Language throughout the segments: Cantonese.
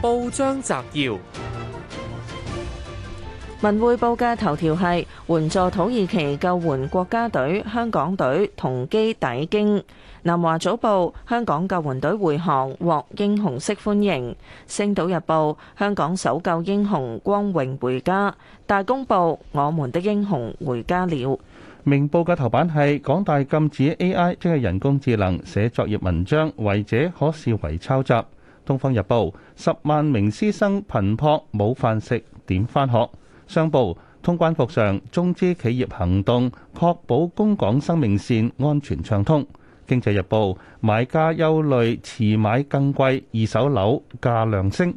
報章摘要：文匯報嘅頭條係援助土耳其救援國家隊，香港隊同機抵京。南華早報：香港救援隊回航獲英雄式歡迎。星島日報：香港搜救英雄光榮回家。大公報：我們的英雄回家了。明報嘅頭版係港大禁止 AI，即係人工智能寫作業文章，違者可視為抄襲。《東方日報》十萬名師生頻撲冇飯食點返學，《商報》通關服上中資企業行動確保供港生命線安全暢通，《經濟日報》買家憂慮遲買更貴二手樓價量升，《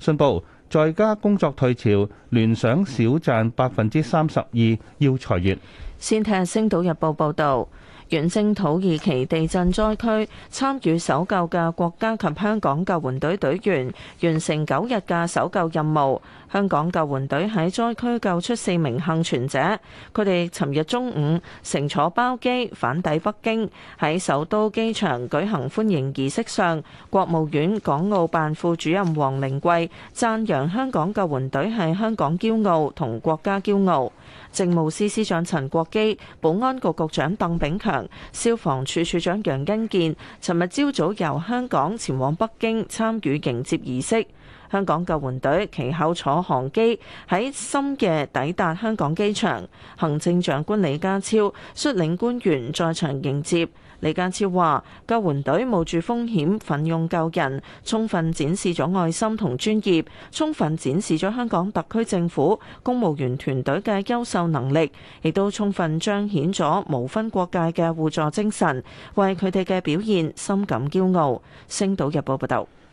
信報》在家工作退潮聯想少賺百分之三十二要裁員。先睇下《星島日報》報導，遠征土耳其地震災區參與搜救嘅國家及香港救援隊隊員完成九日嘅搜救任務。香港救援隊喺災區救出四名幸存者，佢哋尋日中午乘坐包機返抵北京，喺首都機場舉行歡迎儀式上，國務院港澳辦副主任王寧貴讚揚香港救援隊係香港驕傲同國家驕傲。政務司司長陳國及保安局局長鄧炳強、消防處處長楊恩健，尋日朝早由香港前往北京參與迎接儀式。香港救援隊其後坐航機喺深夜抵達香港機場，行政長官李家超率領官員在場迎接。李家超話：救援隊冒住風險奮勇救人，充分展示咗愛心同專業，充分展示咗香港特區政府公務員團隊嘅優秀能力，亦都充分彰顯咗無分國界嘅互助精神。為佢哋嘅表現深感驕傲。星島日報報道。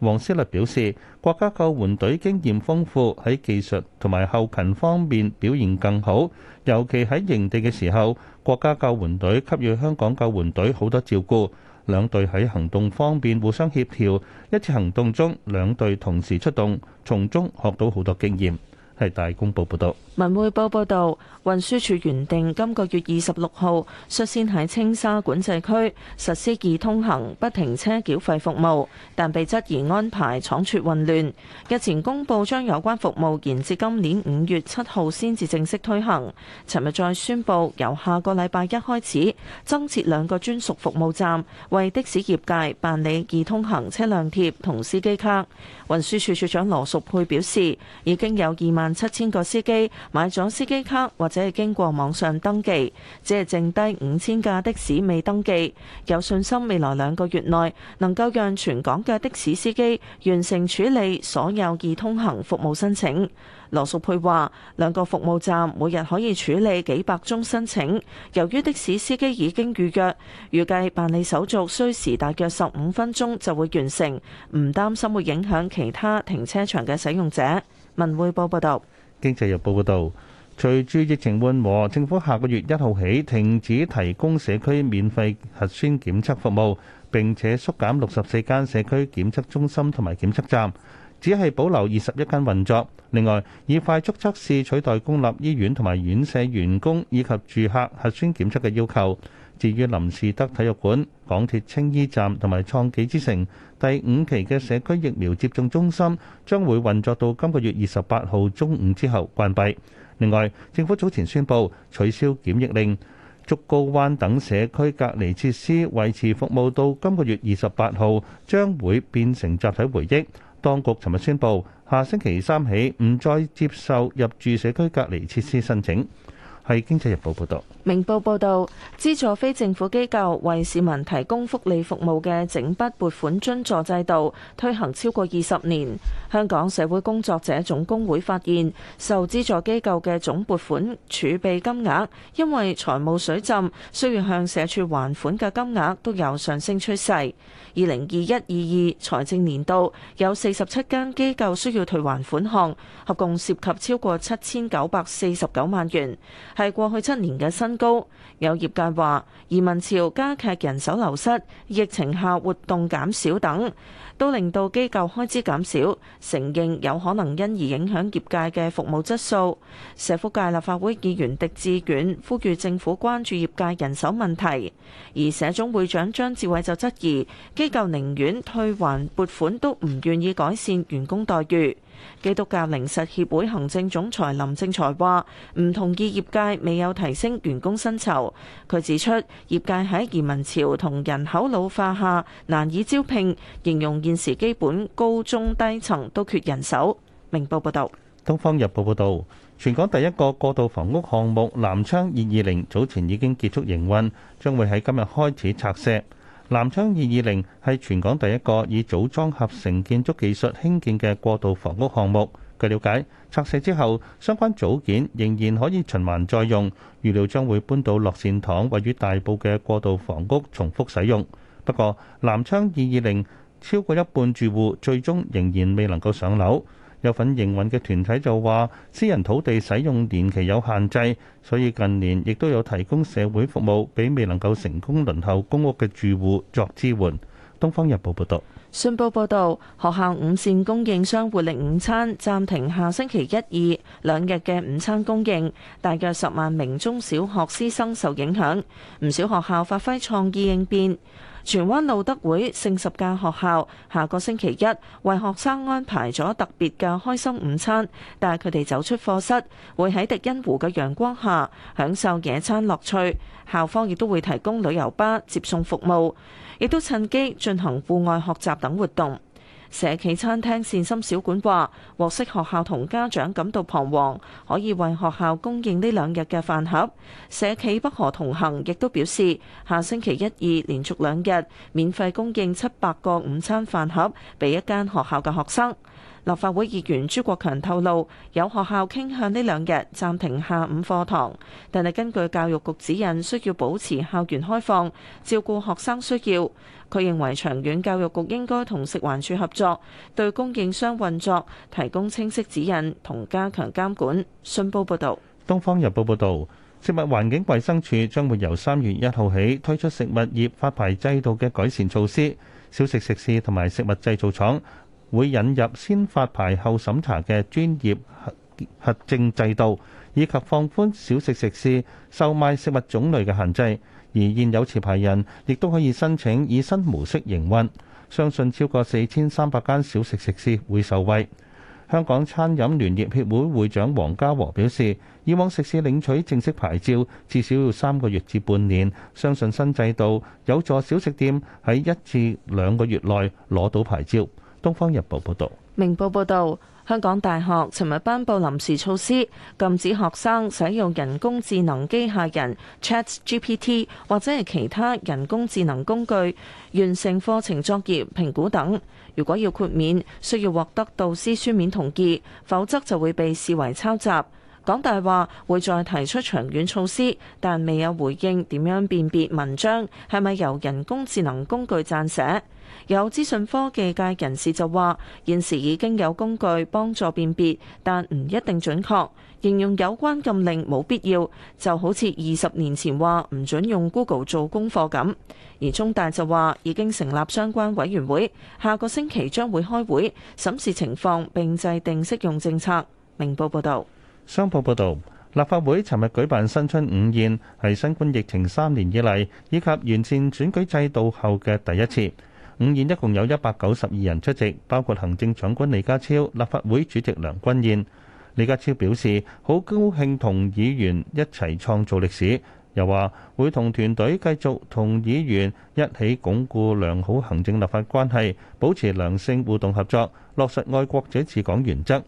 黃思立表示，國家救援隊經驗豐富，喺技術同埋後勤方面表現更好，尤其喺營地嘅時候，國家救援隊給予香港救援隊好多照顧，兩隊喺行動方面互相協調，一次行動中兩隊同時出動，從中學到好多經驗。係大公報報道、文匯報報道，運輸署原定今個月二十六號率先喺青沙管制區實施易通行不停車繳費服務，但被質疑安排倉促混亂。日前公布將有關服務延至今年五月七號先至正式推行。尋日再宣布由下個禮拜一開始增設兩個專屬服務站，為的士業界辦理易通行車輛貼同司機卡。運輸署署長羅淑佩表示，已經有二萬。萬七千個司機買咗司機卡，或者係經過網上登記，只係剩低五千架的士未登記。有信心未來兩個月內能夠讓全港嘅的、的士司機完成處理所有易通行服務申請。羅淑佩話，兩個服務站每日可以處理幾百宗申請。由於的士司機已經預約，預計辦理手續需時大約十五分鐘，就會完成，唔擔心會影響其他停車場嘅使用者。文匯報報道，經濟日報報道，隨住疫情緩和，政府下個月一號起停止提供社區免費核酸檢測服務，並且縮減六十四間社區檢測中心同埋檢測站，只係保留二十一間運作。另外，以快速測試取代公立醫院同埋院舍員工以及住客核酸檢測嘅要求。至於林士德體育館、港鐵青衣站同埋創紀之城第五期嘅社區疫苗接種中心，將會運作到今個月二十八號中午之後關閉。另外，政府早前宣布取消檢疫令，竹篙灣等社區隔離設施維持服務到今個月二十八號，將會變成集體回憶。當局尋日宣布，下星期三起唔再接受入住社區隔離設施申請。係《經濟日報》報道，《明報》報道，資助非政府機構為市民提供福利服務嘅整筆撥款津助制度推行超過二十年。香港社會工作者總工會發現，受資助機構嘅總撥款儲備金額，因為財務水浸，需要向社署還款嘅金額都有上升趨勢。二零二一二二財政年度，有四十七間機構需要退還款項，合共涉及超過七千九百四十九萬元。係過去七年嘅新高，有業界話移民潮加劇人手流失，疫情下活動減少等，都令到機構開支減少，承認有可能因而影響業界嘅服務質素。社福界立法會議員狄志遠呼籲政府關注業界人手問題，而社總會長張志偉就質疑機構寧願退還撥款都唔願意改善員工待遇。基督教靈實協會行政總裁林正才話唔同意業界未有提升員工薪酬。佢指出，業界喺移民潮同人口老化下難以招聘，形容現時基本高中低層都缺人手。明報報道，東方日報報道，全港第一個過渡房屋項目南昌二二零早前已經結束營運，將會喺今日開始拆卸。南昌二二零係全港第一個以組裝合成建築技術興建嘅過渡房屋項目。據了解，拆卸之後，相關組件仍然可以循環再用，預料將會搬到樂善堂位於大埔嘅過渡房屋重複使用。不過，南昌二二零超過一半住戶最終仍然未能夠上樓。有份營運嘅團體就話，私人土地使用年期有限制，所以近年亦都有提供社會服務俾未能夠成功輪候公屋嘅住戶作支援。《東方日報》報道，信報報道，學校午膳供應商活力午餐暫停下星期一二兩日嘅午餐供應，大約十萬名中小學師生受影響，唔少學校發揮創意應變。荃灣路德會聖十架學校，下個星期一為學生安排咗特別嘅開心午餐，帶佢哋走出課室，會喺迪欣湖嘅陽光下享受野餐樂趣。校方亦都會提供旅遊巴接送服務，亦都趁機進行戶外學習等活動。社企餐廳善心小館話獲悉學校同家長感到彷徨，可以為學校供應呢兩日嘅飯盒。社企北河同行亦都表示，下星期一、二連續兩日免費供應七百個午餐飯盒俾一間學校嘅學生。立法會議員朱國強透露，有學校傾向呢兩日暫停下午課堂，但係根據教育局指引，需要保持校園開放，照顧學生需要。佢認為長遠教育局應該同食環署合作，對供應商運作提供清晰指引同加強監管。信報報導，《東方日報》報導，食物環境衞生署將會由三月一號起推出食物業發牌制度嘅改善措施，小食食肆同埋食物製造廠，會引入先發牌後審查嘅專業核核,核證制度，以及放寬小食食肆售賣食物種類嘅限制。而現有持牌人亦都可以申請以新模式營運，相信超過四千三百間小食食肆會受惠。香港餐飲聯業協會,會會長黃家和表示，以往食肆領取正式牌照至少要三個月至半年，相信新制度有助小食店喺一至兩個月內攞到牌照。《東方日報》報道。《明報》報道：香港大學尋日頒布臨時措施，禁止學生使用人工智能機械人 ChatGPT 或者係其他人工智能工具完成課程作業評估等。如果要豁免，需要獲得導師書面同意，否則就會被視為抄襲。港大話會再提出長遠措施，但未有回應點樣辨別文章係咪由人工智能工具撰寫。有資訊科技界人士就話，現時已經有工具幫助辨別，但唔一定準確。形容有關禁令冇必要，就好似二十年前話唔準用 Google 做功課咁。而中大就話已經成立相關委員會，下個星期將會開會審視情況並制定適用政策。明報報道。商報報道，立法會尋日舉辦新春午宴，係新冠疫情三年以嚟以及完善選舉制度後嘅第一次午宴。一共有一百九十二人出席，包括行政長官李家超、立法會主席梁君彥。李家超表示好高興同議員一齊創造歷史，又話會同團隊繼續同議員一起鞏固良好行政立法關係，保持良性互動合作，落實愛國者治港原則。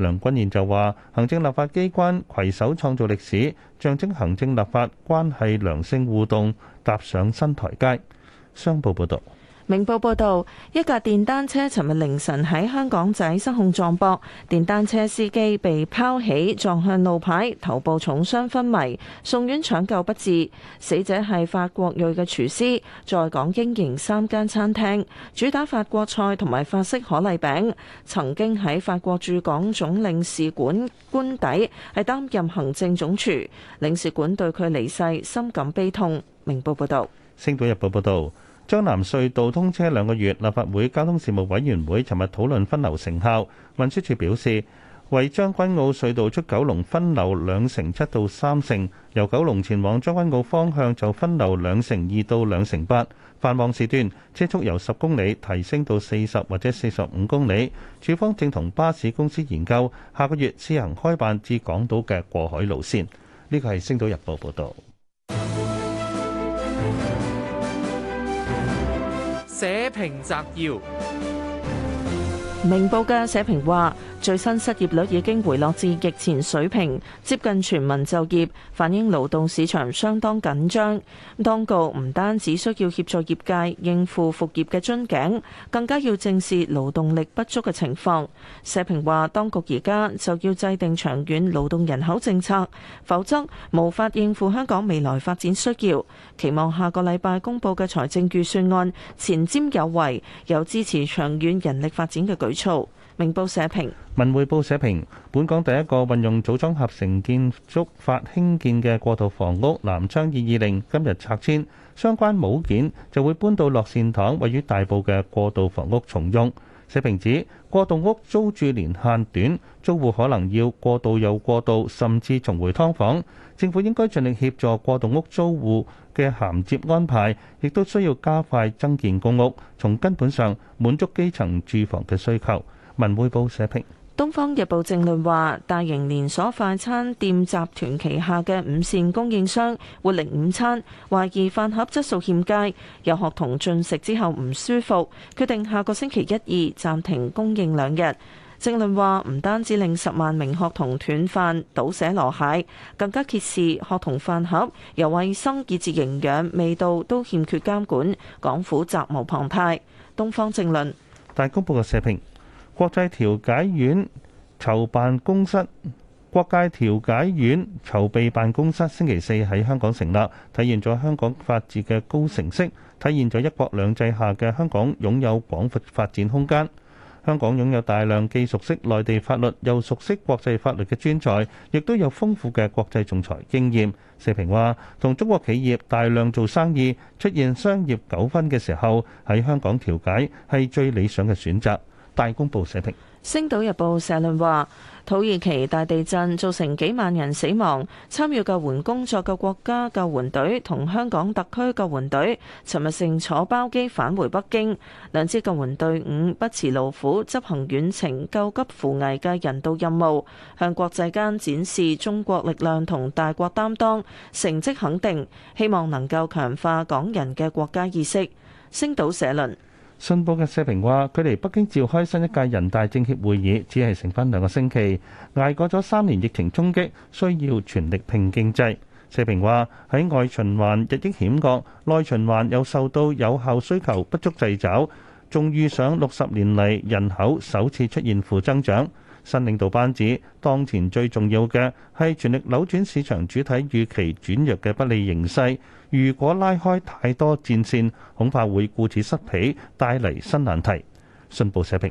梁君彥就話：行政立法機關攜手創造歷史，象徵行政立法關係良性互動，踏上新台階。商報報導。明報報導，一架電單車尋日凌晨喺香港仔失控撞壆，電單車司機被拋起撞向路牌，頭部重傷昏迷，送院搶救不治。死者係法國裔嘅廚師，在港經營三間餐廳，主打法國菜同埋法式可麗餅。曾經喺法國駐港總領事館官邸係擔任行政總廚。領事館對佢離世深感悲痛。明報報導。星島日報報導。將藍隧道通車兩個月，立法會交通事務委員會尋日討論分流成效。運輸署表示，為將軍澳隧道出九龍分流兩成七到三成，由九龍前往將軍澳方向就分流兩成二到兩成八。繁忙時段車速由十公里提升到四十或者四十五公里。署方正同巴士公司研究下個月試行開辦至港島嘅過海路線。呢個係《星島日報》報導。社評摘要：明報嘅社評話。最新失業率已經回落至疫前水平，接近全民就業，反映勞動市場相當緊張。當局唔單止需要協助業界應付復業嘅樽頸，更加要正視勞動力不足嘅情況。社評話，當局而家就要制定長遠勞動人口政策，否則無法應付香港未來發展需要。期望下個禮拜公布嘅財政預算案前瞻有為，有支持長遠人力發展嘅舉措。明報社評文匯報社評：，本港第一個運用組裝合成建築法興建嘅過渡房屋南昌二二零今日拆遷，相關物件就會搬到樂善堂位於大埔嘅過渡房屋重用。社評指，過渡屋租住年限短，租戶可能要過渡又過渡，甚至重回劏房。政府應該盡力協助過渡屋租戶嘅銜接安排，亦都需要加快增建公屋，從根本上滿足基層住房嘅需求。文匯報社評，《東方日報》政論話，大型連鎖快餐店集團旗下嘅午膳供應商活力午餐懷疑飯盒質素欠佳，有學童進食之後唔舒服，決定下個星期一二暫停供應兩日。政論話，唔單止令十萬名學童斷飯、倒瀉籮蟹，更加揭示學童飯盒由衛生以至營養、味道都欠缺監管，港府責無旁貸。東方政論大公報嘅社評。國際調解院籌辦公室、國際調解院籌備辦公室星期四喺香港成立，體現咗香港法治嘅高成色，體現咗一國兩制下嘅香港擁有廣闊發展空間。香港擁有大量既熟悉內地法律又熟悉國際法律嘅專才，亦都有豐富嘅國際仲裁經驗。社評話：同中國企業大量做生意出現商業糾紛嘅時候，喺香港調解係最理想嘅選擇。大公報社評，《星島日報》社論話：土耳其大地震造成幾萬人死亡，參與救援工作嘅國家救援隊同香港特區救援隊，尋日乘坐包機返回北京。兩支救援隊伍不辭勞苦執行遠程救急扶危嘅人道任務，向國際間展示中國力量同大國擔當，成績肯定。希望能夠強化港人嘅國家意識。星島社論。信報嘅社評話：距離北京召開新一屆人大政協會議，只係剩翻兩個星期，捱過咗三年疫情衝擊，需要全力拼經濟。社評話喺外循環日益險惡，內循環又受到有效需求不足掣肘，仲遇上六十年嚟人口首次出現負增長。新領導班子當前最重要嘅係全力扭轉市場主體預期轉弱嘅不利形勢。如果拉開太多戰線，恐怕會顧此失彼，帶嚟新難題。信報社評。